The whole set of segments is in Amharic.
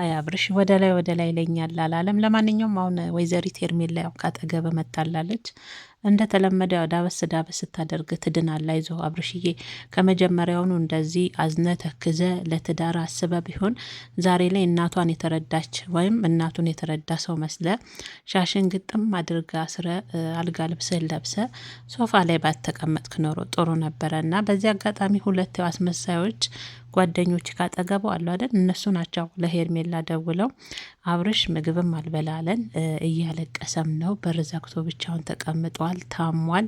አያብርሽ ወደ ላይ ወደ ላይ ይለኛል አላለም። ለማንኛውም አሁን ወይዘሪት ሄርሜላ ያው ካጠገበ መታላለች። እንደተለመደ ዳበስ ዳበስ ስታደርግ ትድናላ። ይዞ አብርሽዬ ከመጀመሪያውኑ እንደዚህ አዝነ ተክዘ ለትዳር አስበ ቢሆን ዛሬ ላይ እናቷን የተረዳች ወይም እናቱን የተረዳ ሰው መስለ ሻሽን ግጥም አድርጋ አስረ አልጋ ልብስህ ለብሰ ሶፋ ላይ ባተቀመጥክ ኖሮ ጥሩ ነበረ እና በዚህ አጋጣሚ ሁለት አስመሳዮች ጓደኞች ካጠገቡ አሉ አይደል? እነሱ ናቸው ለሄርሜላ ደውለው አብርሽ ምግብም አልበላለን እያለቀሰም ነው፣ በር ዘግቶ ብቻውን ተቀምጧል። ሆኗል፣ ታሟል።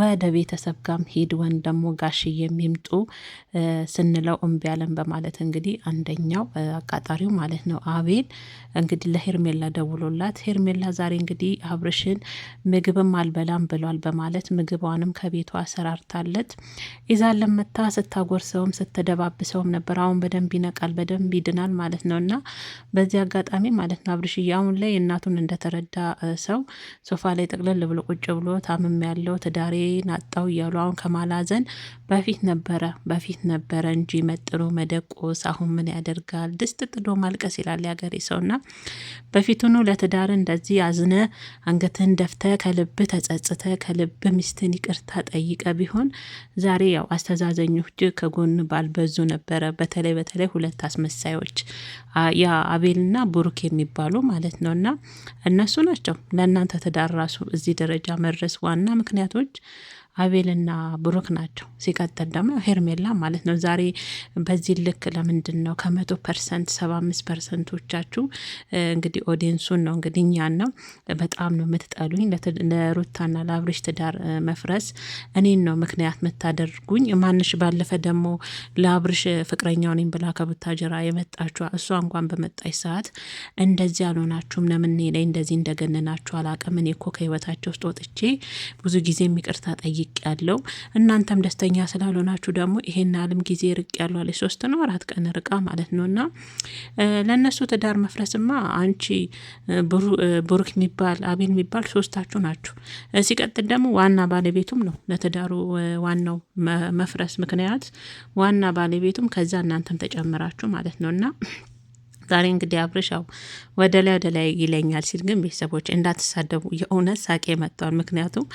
ወደ ቤተሰብ ጋም ሂድ ወን ደግሞ ጋሽዬ የሚምጡ ስንለው እምቢ አለን በማለት እንግዲህ አንደኛው አቃጣሪው ማለት ነው አቤል እንግዲህ ለሄርሜላ ደውሎላት ሄርሜላ ዛሬ እንግዲህ አብርሽን ምግብም አልበላም ብሏል በማለት ምግቧንም ከቤቷ አሰራርታለት ይዛን መታ ስታጎርሰውም ስትደባብሰውም ነበር። አሁን በደንብ ይነቃል፣ በደንብ ይድናል ማለት ነው እና በዚህ አጋጣሚ ማለት ነው አብርሽዬ አሁን ላይ እናቱን እንደተረዳ ሰው ሶፋ ላይ ጠቅለል ብሎ ቁጭ ብሎ ታምም ያለው ትዳሬን ናጣው እያሉ አሁን ከማላዘን በፊት ነበረ በፊት ነበረ እንጂ መጥሎ መደቆስ አሁን ምን ያደርጋል ድስት ጥዶ ማልቀስ ይላል ያገሬ ሰውና በፊቱኑ ለትዳር እንደዚህ አዝነ አንገትን ደፍተ ከልብ ተጸጽተ ከልብ ሚስትን ይቅርታ ጠይቀ ቢሆን ዛሬ ያው አስተዛዘኞች ከጎን ባልበዙ ነበረ። በተለይ በተለይ ሁለት አስመሳዮች ያ አቤልና ቡሩክ የሚባሉ ማለት ነው እና እነሱ ናቸው ለእናንተ ትዳር ራሱ እዚህ ደረጃ መድረስ መድረስ ዋና ምክንያቶች አቤልና ብሩክ ናቸው። ሲቀጥል ደግሞ ሄርሜላ ማለት ነው። ዛሬ በዚህ ልክ ለምንድን ነው ከመቶ ፐርሰንት ሰባ አምስት ፐርሰንቶቻችሁ እንግዲህ ኦዲንሱን ነው እንግዲህ እኛን ነው በጣም ነው የምትጠሉኝ። ለሩታና ለአብሬሽ ትዳር መፍረስ እኔን ነው ምክንያት የምታደርጉኝ። ማንሽ ባለፈ ደግሞ ለአብርሽ ፍቅረኛው ነኝ ብላ ከቡታጀራ የመጣችኋ እሷ እንኳን በመጣች ሰዓት እንደዚህ አልሆናችሁም። ለምኔ ላይ እንደዚህ እንደገነናችሁ አላቅም። እኔ እኮ ከህይወታቸው ውስጥ ወጥቼ ብዙ ጊዜ የሚቅርታ ጠይቅ ርቅ ያለው እናንተም ደስተኛ ስላልሆናችሁ ደግሞ ይሄን አለም ጊዜ ርቅ ያለው አለች። ሶስት ነው አራት ቀን ርቃ ማለት ነው። እና ለእነሱ ትዳር መፍረስማ አንቺ ብሩክ የሚባል አቤል የሚባል ሶስታችሁ ናችሁ። ሲቀጥል ደግሞ ዋና ባለቤቱም ነው ለትዳሩ ዋናው መፍረስ ምክንያት ዋና ባለቤቱም ከዛ እናንተም ተጨምራችሁ ማለት ነው እና ዛሬ እንግዲህ አብርሻው ወደ ላይ ወደ ላይ ይለኛል ሲል ግን ቤተሰቦች እንዳትሳደቡ የእውነት ሳቄ መጥተዋል። ምክንያቱም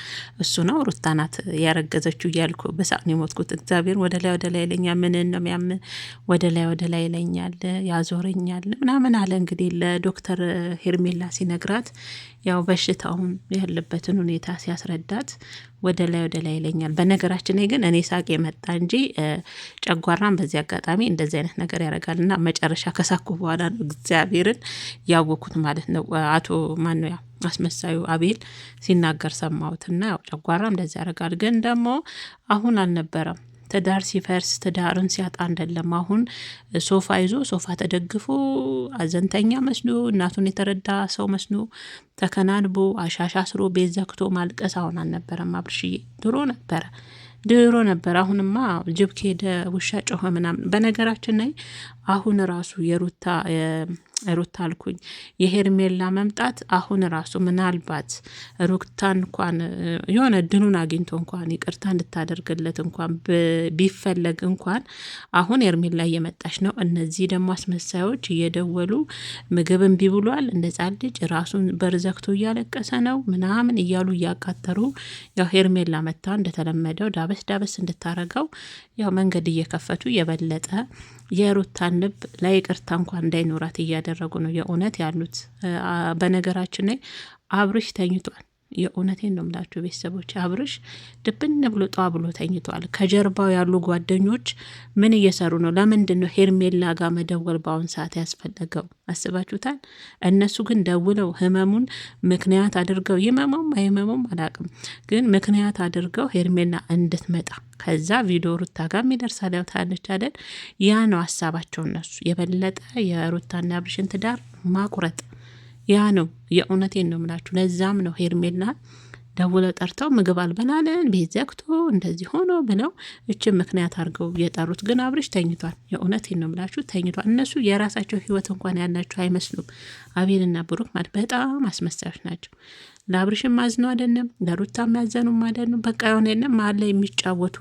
እሱ ነው ሩታ ናት ያረገዘችው እያልኩ በሳቅ ነው የሞትኩት። እግዚአብሔር ወደ ላይ ወደ ላይ ይለኛል፣ ምንን ነው የሚያምን? ወደ ላይ ወደ ላይ ይለኛል፣ ያዞረኛል ምናምን አለ። እንግዲህ ለዶክተር ሄርሜላ ሲነግራት ያው በሽታውም ያለበትን ሁኔታ ሲያስረዳት ወደ ላይ ወደ ላይ ይለኛል። በነገራችን ላይ ግን እኔ ሳቅ የመጣ እንጂ ጨጓራን በዚህ አጋጣሚ እንደዚህ አይነት ነገር ያደርጋል እና መጨረሻ ከሳኩ በኋላ ነው እግዚአብሔርን ያወኩት ማለት ነው። አቶ ማንያ አስመሳዩ አቤል ሲናገር ሰማውትና ያው ጨጓራም እንደዚህ ያደርጋል። ግን ደግሞ አሁን አልነበረም ትዳር ሲፈርስ ትዳርን ሲያጣ እንደለም። አሁን ሶፋ ይዞ ሶፋ ተደግፎ አዘንተኛ መስሎ እናቱን የተረዳ ሰው መስሎ ተከናንቦ አሻሻ ስሮ ቤት ዘግቶ ማልቀስ አሁን አልነበረም አብርሽዬ፣ ድሮ ነበረ ድሮ ነበር። አሁንማ ጅብ ከሄደ ውሻ ጮኸ ምናምን። በነገራችን ላይ አሁን ራሱ የሩታ ሩታ አልኩኝ። የሄርሜላ መምጣት አሁን ራሱ ምናልባት ሩታ እንኳን የሆነ ድኑን አግኝቶ እንኳን ይቅርታ እንድታደርግለት እንኳን ቢፈለግ እንኳን አሁን ሄርሜላ እየመጣች ነው። እነዚህ ደግሞ አስመሳዮች እየደወሉ ምግብ እምቢ ብሏል፣ እንደዛ ልጅ ራሱን በርዘግቶ እያለቀሰ ነው ምናምን እያሉ እያቃጠሩ ያው ሄርሜላ መታ እንደተለመደው ዳበስ ዳበስ እንድታረገው ያው መንገድ እየከፈቱ የበለጠ የሩታን ልብ ላይ እንኳን እንዳይኖራት እያደ እያደረጉ ነው የእውነት ያሉት። በነገራችን ላይ አብርሽ ተኝቷል። የእውነቴን ነው የምላችሁ ቤተሰቦች፣ አብርሽ ድብን ብሎ ጠዋ ብሎ ተኝተዋል። ከጀርባው ያሉ ጓደኞች ምን እየሰሩ ነው? ለምንድን ነው ሄርሜላ ጋር መደወል በአሁን ሰዓት ያስፈለገው? አስባችሁታል? እነሱ ግን ደውለው ህመሙን ምክንያት አድርገው ይመመም አይመመም አላቅም፣ ግን ምክንያት አድርገው ሄርሜላ እንድትመጣ ከዛ ቪዲዮ ሩታ ጋር የሚደርሳል ያው አይደል? ያ ነው ሀሳባቸው እነሱ የበለጠ የሩታና አብርሽን ትዳር ማቁረጥ ያ ነው የእውነቴን ነው ምላችሁ። ለዛም ነው ሄርሜላ ደውለ ጠርተው ምግብ አልበላለን ቤት ዘግቶ እንደዚህ ሆኖ ብለው እችን ምክንያት አድርገው የጠሩት። ግን አብርሽ ተኝቷል። የእውነቴን ነው ምላችሁ ተኝቷል። እነሱ የራሳቸው ህይወት እንኳን ያላቸው አይመስሉም። አቤልና ብሩክ ማለት በጣም አስመሳዮች ናቸው። ለአብርሽም አዝነው አይደለም፣ ለሩታ ያዘኑም አይደሉም። በቃ የሆነ የለም መሀል ላይ የሚጫወቱ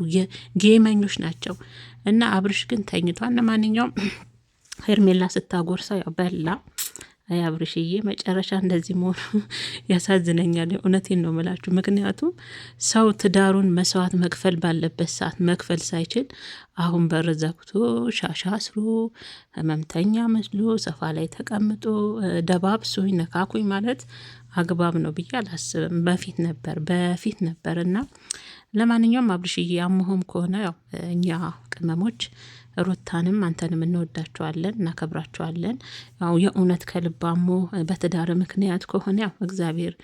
ጌመኞች ናቸው። እና አብርሽ ግን ተኝቷል። ለማንኛውም ሄርሜላ ስታጎርሰው ያው በላ አብርሽዬ መጨረሻ እንደዚህ መሆኑ ያሳዝነኛል። እውነቴን ነው ምላችሁ። ምክንያቱም ሰው ትዳሩን መስዋዕት መክፈል ባለበት ሰዓት መክፈል ሳይችል አሁን በር ዘግቶ ሻሻ አስሮ ህመምተኛ መስሎ ሰፋ ላይ ተቀምጦ ደባብሶኝ ነካኩኝ ማለት አግባብ ነው ብዬ አላስብም። በፊት ነበር በፊት ነበር እና ለማንኛውም አብርሽዬ ያመሆም ከሆነ ያው እኛ ቅመሞች ሩታንም አንተንም እንወዳቸዋለን፣ እናከብራቸዋለን። ያው የእውነት ከልባሞ በትዳር ምክንያት ከሆነ ያው እግዚአብሔር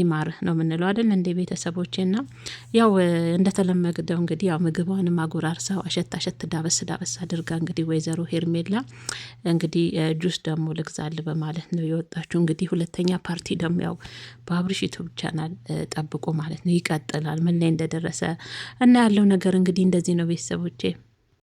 ይማርህ ነው የምንለው አይደል እንዴ ና ያው እንደተለመደው እንግዲህ ያው ማጉራር ሰው አሸት አሸት ዳበስ ዳበስ አድርጋ እንግዲህ ወይዘሮ ሄርሜላ እንግዲህ ጁስ ደግሞ ልግዛል በማለት ነው የወጣችው። እንግዲህ ሁለተኛ ፓርቲ ደግሞ ያው በአብርሽ ዩቱብ ቻናል ጠብቆ ማለት ነው ይቀጥላል። ምን ላይ እንደደረሰ እና ያለው ነገር እንግዲህ እንደዚህ ነው ቤተሰቦቼ።